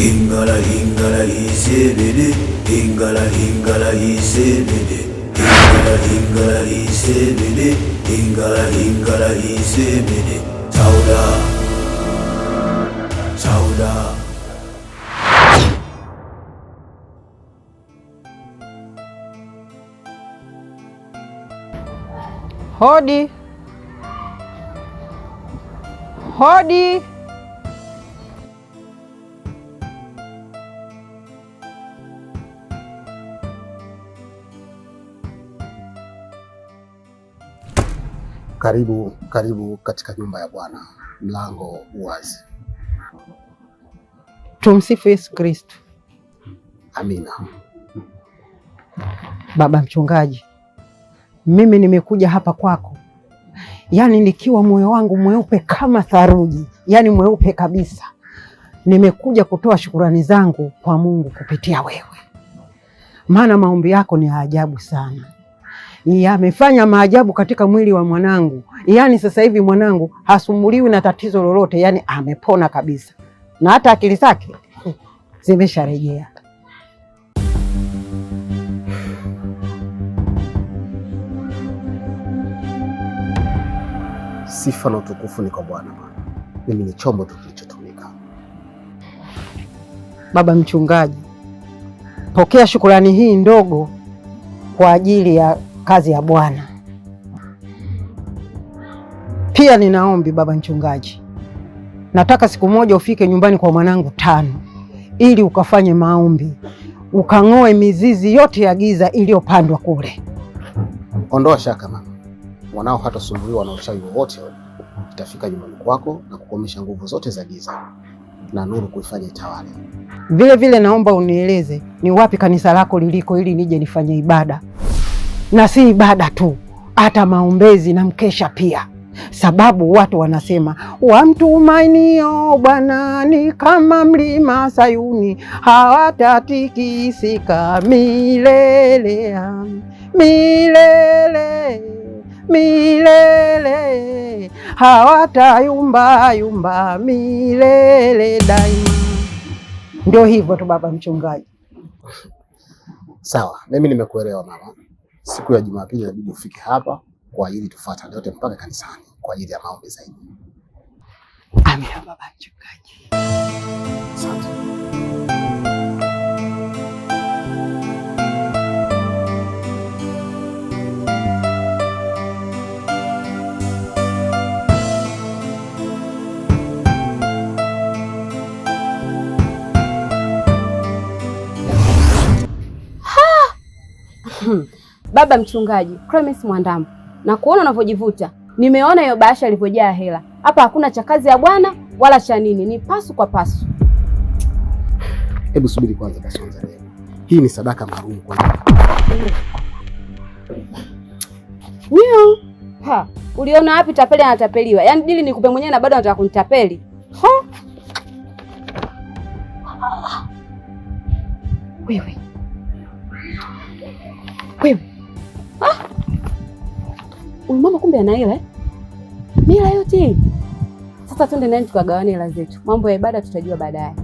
Hingala hingala hisebili Hingala hingala hisebili Hingala hingala hisebili Hingala hingala hisebili Sauda Çavda Hodi Hodi Karibu, karibu katika nyumba ya Bwana, mlango wazi. Tumsifu Yesu Kristo. Amina. Baba mchungaji, mimi nimekuja hapa kwako, yaani nikiwa moyo wangu mweupe kama tharuji, yaani mweupe kabisa. Nimekuja kutoa shukurani zangu kwa Mungu kupitia wewe, maana maombi yako ni ya ajabu sana yamefanya maajabu katika mwili wa mwanangu. Yaani sasa hivi mwanangu hasumbuliwi na tatizo lolote, yaani amepona kabisa, na hata akili zake zimesharejea. Sifa na utukufu ni kwa Bwana. Mimi ni chombo tu kilichotumika. Baba mchungaji, pokea shukurani hii ndogo kwa ajili ya kazi ya Bwana. Pia ninaombi baba mchungaji, nataka siku moja ufike nyumbani kwa mwanangu tano, ili ukafanye maombi, ukang'oe mizizi yote ya giza iliyopandwa kule. Ondoa shaka mama, mwanao hatasumbuliwa na uchawi wowote. Itafika nyumbani kwako na kukomesha nguvu zote za giza na nuru kuifanya itawale. Vile vile naomba unieleze ni wapi kanisa lako liliko, ili nije nifanye ibada na si ibada tu, hata maombezi na mkesha pia, sababu watu wanasema wamtumainio Bwana ni kama mlima Sayuni, hawatatikisika milele milele milele, hawatayumba yumba milele daima. Ndio hivyo tu, baba mchungaji. Sawa, mimi nimekuelewa mama siku ya Jumapili inabidi ufike hapa kwa ajili tufuatane wote mpaka kanisani kwa ajili ya maombi zaidi. Amina baba mchungaji. Baba mchungaji Clemens Mwandambo, na kuona unavyojivuta, nimeona hiyo bahasha ilivyojaa hela. Hapa hakuna cha kazi ya Bwana wala cha nini, ni pasu kwa pasu. Hebu subiri kwanza basi, kwanza leo hii ni sadaka maalum kwanza. Ndio. Ha, uliona wapi tapeli anatapeliwa? Yaani dili nikupe mwenyewe na bado anataka kunitapeli. Ha? Wewe. Wewe huyu mama kumbe ana ile eh? mila yote. Sasa twende naye tukagawane hela zetu, mambo ya ibada tutajua baadaye.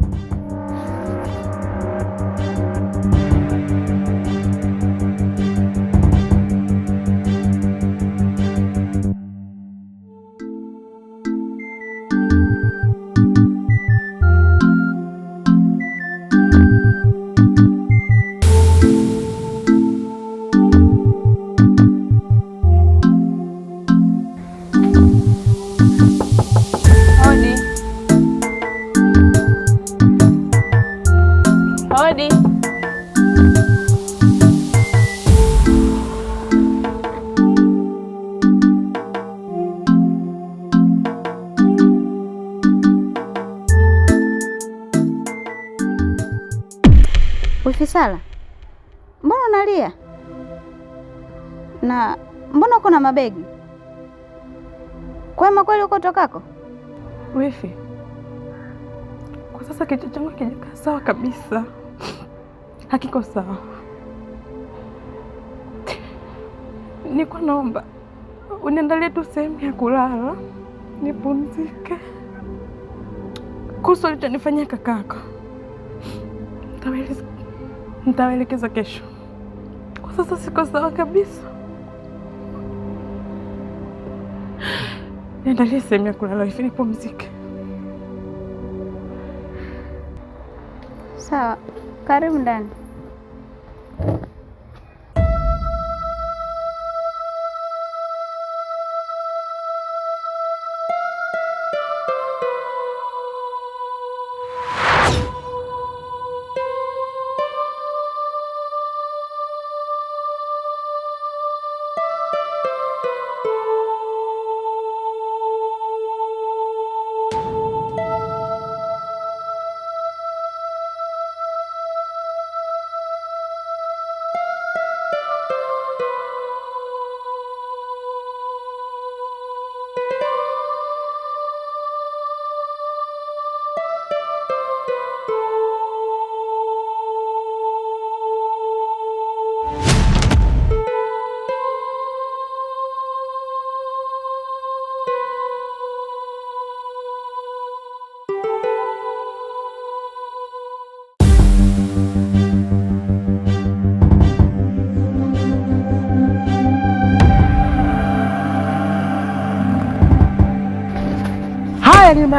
begi. Kwema kweli huko tokako? Wifi, kwa sasa kichwa changu hakijakaa sawa kabisa, hakiko sawa. Niko naomba uniandalie tu sehemu ya kulala nipumzike. Kuhusu alichonifanyia kakako nitawaelekeza kesho. Kwa sasa siko sawa kabisa. Niandalie sehemu ya kulala hivi nipumzike. Sawa, karibu ndani.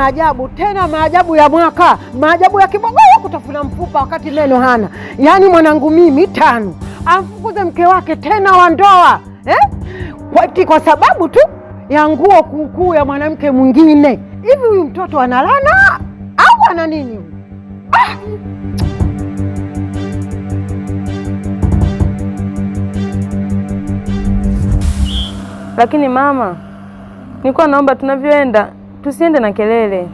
maajabu, tena maajabu ya mwaka, maajabu ya kibogoo kutafuna mfupa wakati meno hana. Yaani mwanangu mimi tano amfukuze mke wake tena wa ndoa eh? Kwa, kwa sababu tu ya nguo kuukuu ya mwanamke mwingine. Hivi huyu mtoto analana au ana nini? Ah! Lakini mama, nilikuwa naomba tunavyoenda Tusiende na kelele,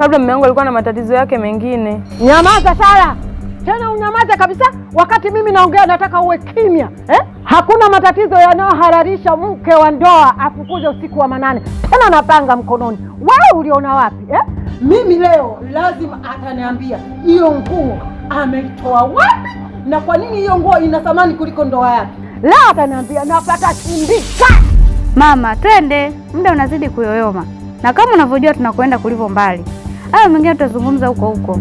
labda mume wangu alikuwa na matatizo yake mengine. Nyamaza Sara, tena unyamaze kabisa. Wakati mimi naongea nataka uwe kimya eh? Hakuna matatizo yanayohararisha mke wa ndoa afukuze usiku wa manane, tena napanga mkononi. Wewe uliona wapi eh? Mimi leo lazima ataniambia hiyo nguo ameitoa wapi na kwa nini hiyo nguo ina thamani kuliko ndoa yake. Leo ataniambia napata chimbika. Mama, twende, muda unazidi kuyoyoma na kama unavyojua tunakwenda kulivyo mbali, hayo mengine tutazungumza huko huko.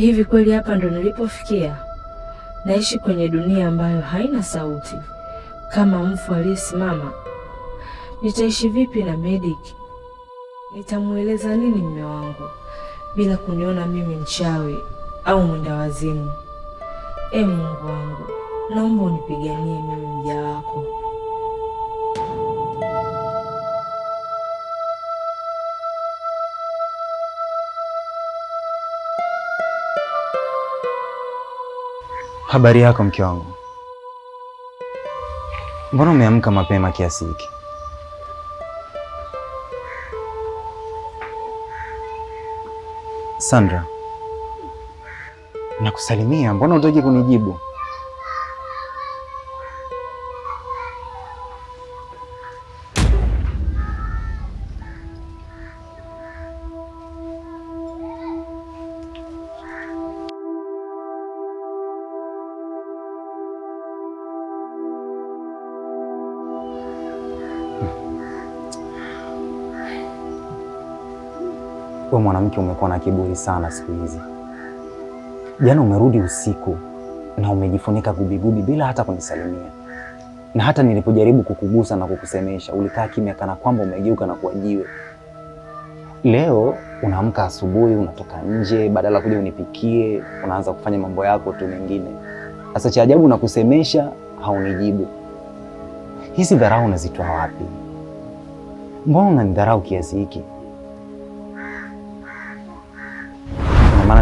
Hivi kweli hapa ndo nilipofikia? Naishi kwenye dunia ambayo haina sauti, kama mfu aliyesimama. Nitaishi vipi na Medic? Nitamweleza nini mume wangu bila kuniona mimi mchawi au mwenda wazimu? E Mungu wangu, naomba unipiganie mimi mja wako. Habari yako mke wangu, mbona umeamka mapema kiasi hiki? Sandra, nakusalimia, mbona utoki kunijibu? We mwanamke, umekuwa na kiburi sana siku hizi. Jana yaani umerudi usiku na umejifunika gubigubi bila hata kunisalimia, na hata nilipojaribu kukugusa na kukusemesha ulikaa kimya, kana kwamba umegeuka na kuwa jiwe. Leo unaamka asubuhi, unatoka nje, badala kuja unipikie, unaanza kufanya mambo yako tu mengine. Sasa cha ajabu, nakusemesha haunijibu. Hizi dharau unazitoa wapi? Mbona unanidharau kiasi hiki?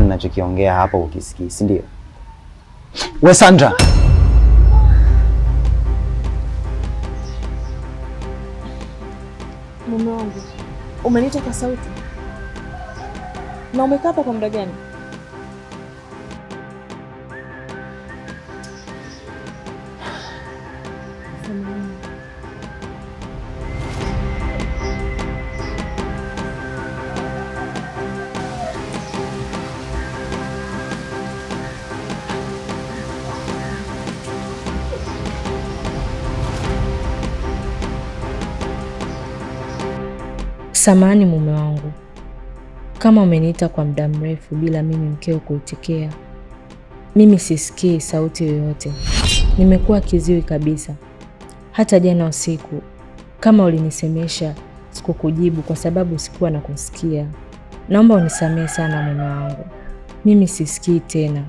ninachokiongea hapo ukisikii, si ndio? We Sandra, mume wangu, umenita kwa sauti na umekaa hapa kwa muda gani? samani mume wangu, kama umeniita kwa muda mrefu bila mimi mkeo kuitikia, mimi sisikii sauti yoyote. Nimekuwa kiziwi kabisa. Hata jana usiku kama ulinisemesha, sikukujibu kwa sababu sikuwa na kusikia Naomba unisamehe sana mume wangu, mimi sisikii tena.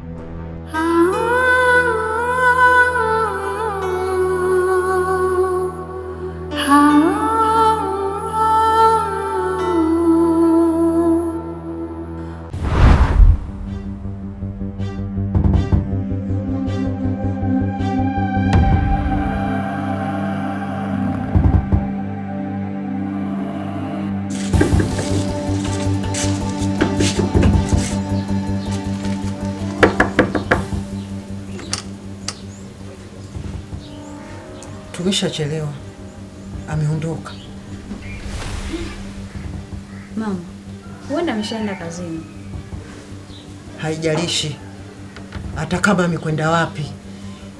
Tumeshachelewa, ameondoka. Mama, huenda ameshaenda kazini. Haijalishi hata kama amekwenda wapi,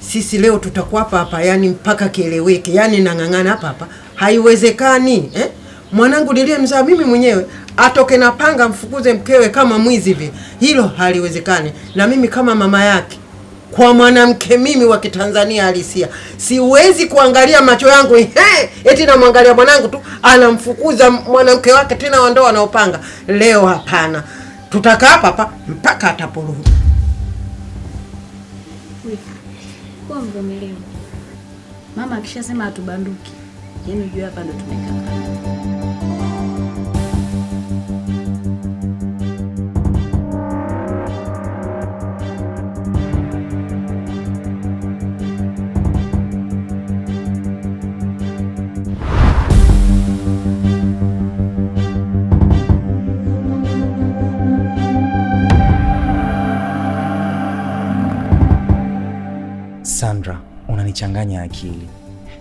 sisi leo tutakuwa hapa hapa, yani mpaka kieleweke. Yani nang'ang'ana hapa hapa, haiwezekani eh? Mwanangu niliyemzaa mimi mwenyewe atoke na panga mfukuze mkewe kama mwizi vile, hilo haliwezekani. Na mimi kama mama yake kwa mwanamke mimi wa Kitanzania halisia, siwezi kuangalia macho yangu he, eti namwangalia mwanangu tu anamfukuza mwanamke wake tena wa ndoa anaopanga leo. Hapana, tutakaa hapa mpaka ataporudi. mama, akishasema hatubanduki. Yani ujue hapa ndo tumekaa. Sandra, unanichanganya akili.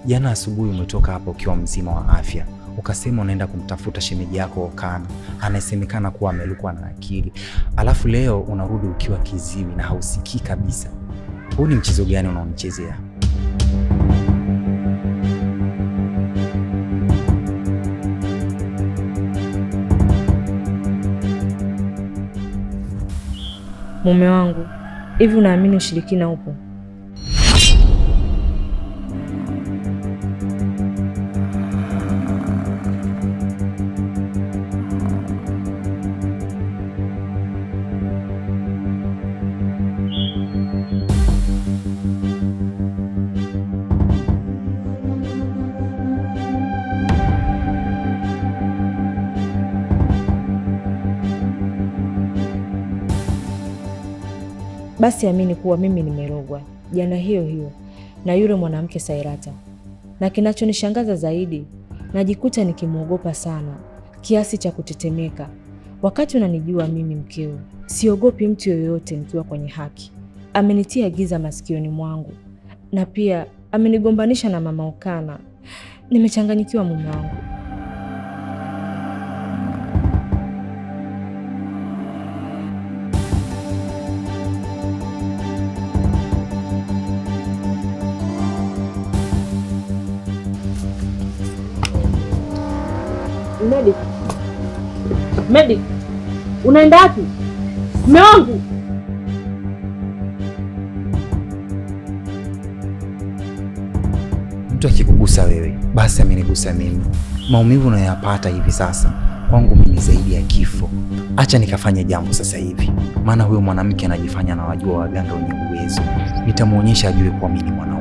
Jana asubuhi umetoka hapa ukiwa mzima wa afya, ukasema unaenda kumtafuta shemeji yako Okana anayesemekana kuwa amelukwa na akili, alafu leo unarudi ukiwa kiziwi na hausikii kabisa. Huu ni mchezo gani unaonichezea? Mume wangu, hivi unaamini ushirikina upo? basi amini kuwa mimi nimerogwa jana hiyo hiyo na yule mwanamke Sairata, na kinachonishangaza zaidi, najikuta nikimwogopa sana kiasi cha kutetemeka. Wakati unanijua mimi mkeo, siogopi mtu yoyote nikiwa kwenye haki. Amenitia giza masikioni mwangu na pia amenigombanisha na mama Okana. Nimechanganyikiwa mume wangu. Medic. Medic. Unaenda wapi? Mume wangu. Mtu akikugusa wewe, basi amenigusa mimi. Maumivu unayoyapata hivi sasa kwangu mimi zaidi ya kifo. Acha nikafanye jambo sasa hivi, maana huyo mwanamke anajifanya na wajua waganga wenye uwezo. Nitamwonyesha ajue kuamini mwana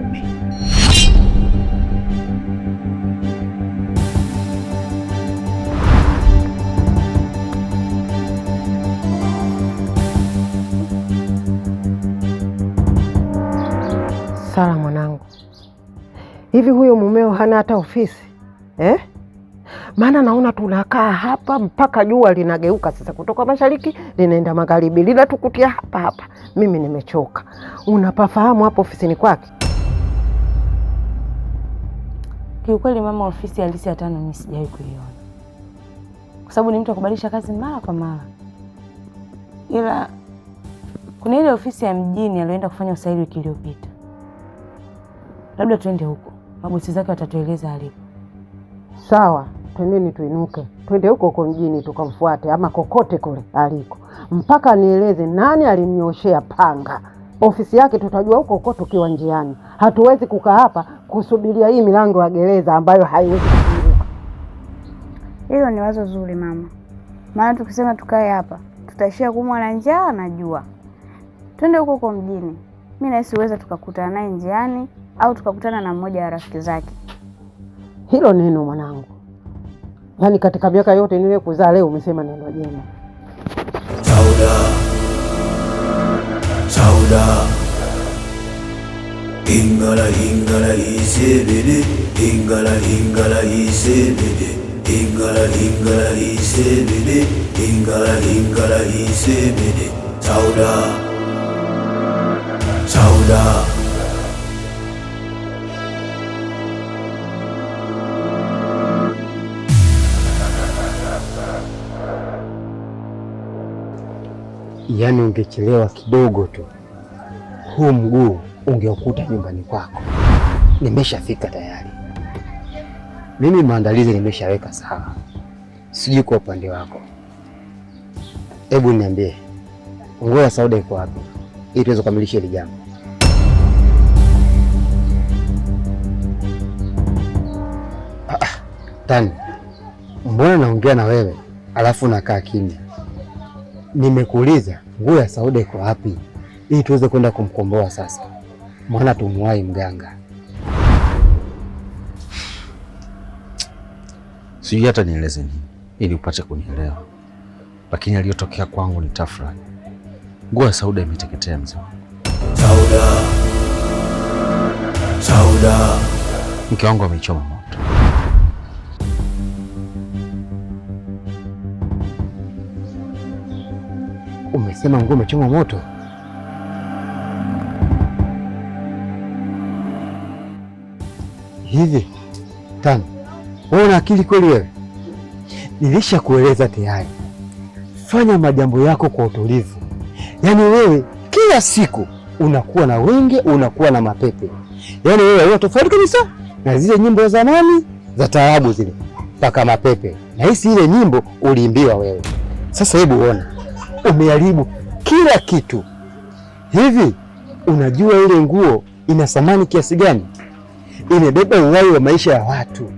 hivi huyo mumeo hana hata ofisi eh? Maana naona tunakaa hapa mpaka jua linageuka sasa, kutoka mashariki linaenda magharibi, linatukutia hapa hapa. Mimi nimechoka. Unapafahamu hapo ofisini kwake? Kiukweli mama, ofisi halisi hata mimi sijawahi kuiona, kwa sababu ni mtu akubadilisha kazi mara kwa mara, ila kuna ile ofisi ya mjini alioenda kufanya usaili wiki iliyopita, labda tuende huko mabosi zake watatueleza alipo. Sawa, twendeni tuinuke, twende huko huko mjini tukamfuate, ama kokote kule aliko, mpaka nieleze nani alimnyoshea panga. Ofisi yake tutajua huko huko tukiwa njiani. Hatuwezi kukaa hapa kusubiria hii milango ya gereza ambayo haiwezi kufunguka. Hilo ni wazo zuri mama, maana tukisema tukae hapa tutaishia kumwa na njaa. Najua twende huko huko mjini, mi nahisi uweza tukakutana naye njiani au tukakutana na mmoja wa rafiki zake. Hilo neno mwanangu, yaani katika miaka yote niwe kuzaa, leo umesema neno jema. Sauda, Sauda ingala ingala isebede ingala ingala isebede ingala ingala isebede ingala ingala isebede Sauda, Sauda Yaani ungechelewa kidogo tu, huu mguu ungeukuta nyumbani kwako. Nimeshafika tayari mimi, maandalizi nimeshaweka sawa, sijui kwa upande wako. Hebu niambie, nguo ya Sauda iko wapi ili tuweze kukamilisha hili jambo? Ah, ah, Tani, mbona naongea na wewe alafu nakaa kimya? nimekuuliza nguo ya Sauda iko wapi, ili tuweze kwenda kumkomboa sasa, mwana tumwai mganga. Sijui hata nieleze nini ili upate kunielewa, lakini aliyotokea kwangu ni tafrani. Nguo ya Sauda imeteketea mzee wangu. Sauda, Sauda, mke wangu amechoma Umesema nguo umechoma moto? Hivi Tano, wewe una akili kweli? Wewe nilisha kueleza tayari, fanya majambo yako kwa utulivu. Yaani wewe kila siku unakuwa na wenge, unakuwa na mapepe. Yaani wewe una tofauti kabisa na zile nyimbo za zamani za taarabu zile, mpaka mapepe. Nahisi ile nyimbo uliimbiwa wewe. Sasa hebu uone umeharibu kila kitu. Hivi unajua ile nguo ina thamani kiasi gani? Imebeba uhai wa maisha ya watu,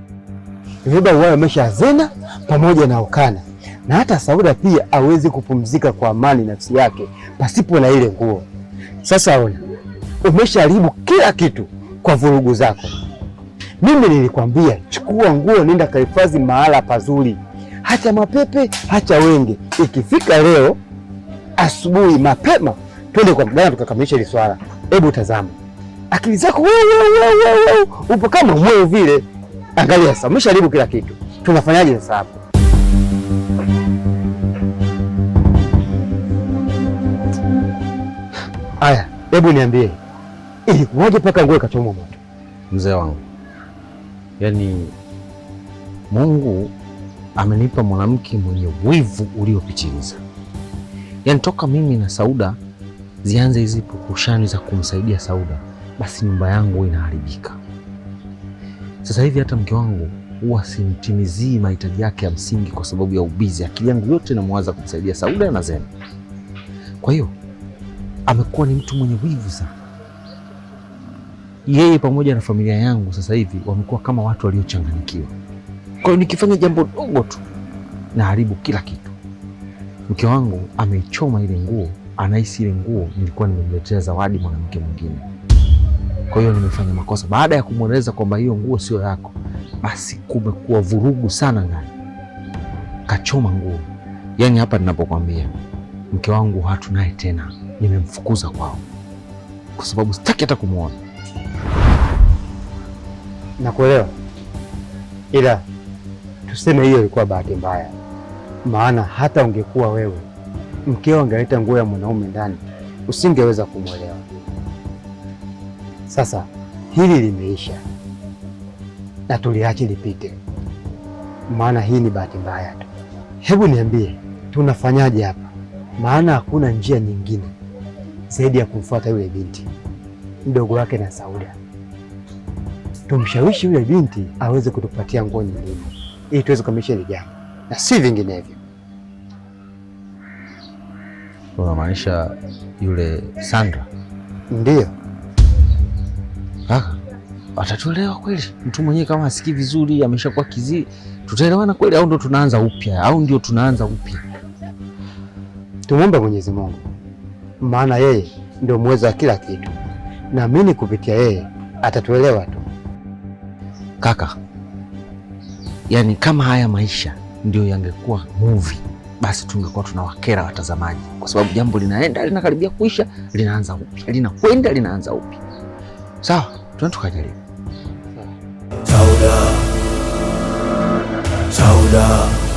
imebeba uhai wa maisha ya Zena pamoja na Okana na hata Sauda pia hawezi kupumzika kwa amani nafsi yake pasipo na ile nguo. Sasa ona, umeshaharibu kila kitu kwa vurugu zako. Mimi nilikwambia chukua nguo, nenda kahifadhi mahala pazuri, hacha mapepe, hacha wenge. Ikifika leo asubuhi mapema twende kwa mganga tukakamilisha hili swala. Hebu tazama akili zako wewe, upo kama mwewe vile. Angalia sasa, umesharibu kila kitu. Tunafanyaje sasa hapo? Aya, hebu niambie ilikuwaje mpaka nguo ikachomwa moto? Mzee wangu, yaani Mungu amenipa mwanamke mwenye wivu uliopitiliza Yani toka mimi na Sauda zianze hizi pukushani za kumsaidia Sauda, basi nyumba yangu inaharibika. Sasa hivi hata mke wangu huwa simtimizii mahitaji yake ya msingi kwa sababu ya ubizi. Akili yangu yote namwaza kumsaidia Sauda na Zena. Kwa hiyo amekuwa ni mtu mwenye wivu sana. Yeye pamoja na familia yangu sasa hivi wamekuwa kama watu waliochanganyikiwa. Kwa hiyo nikifanya jambo dogo tu naharibu kila kitu mke wangu ameichoma ile nguo, anahisi ile nguo nilikuwa nimemletea zawadi mwanamke mwingine. Kwa hiyo nimefanya makosa. Baada ya kumweleza kwamba hiyo nguo sio yako, basi kumekuwa vurugu sana ndani, kachoma nguo. Yaani hapa ninapokwambia, mke wangu hatunaye tena, nimemfukuza kwao kwa sababu sitaki hata kumwona. Nakuelewa, ila tuseme hiyo ilikuwa bahati mbaya maana hata ungekuwa wewe mkeo angeleta nguo ya mwanaume ndani usingeweza kumwelewa. Sasa hili limeisha na tuliache lipite, maana hii ni bahati mbaya tu. Hebu niambie tunafanyaje hapa? Maana hakuna njia nyingine zaidi ya kumfuata yule binti mdogo wake na Sauda, tumshawishi yule binti aweze kutupatia nguo nyingine ili tuweze kukamilisha ile jambo na si vinginevyo. Unamaanisha yule Sandra? ndio Kaka, ah, atatuelewa kweli? Mtu mwenyewe kama asikii vizuri, ameshakuwa kizii, tutaelewana kweli au ndio tunaanza upya? Au ndio tunaanza upya? Tumwombe Mwenyezi Mungu, maana yeye ndio muweza wa kila kitu. Naamini kupitia yeye atatuelewa tu kaka. Yaani kama haya maisha ndio yangekuwa movie, basi tungekuwa tunawakera watazamaji, kwa sababu jambo linaenda linakaribia kuisha, linaanza upya, linakwenda linaanza upya. Sawa, tuna tukajaribu. Sauda, Sauda.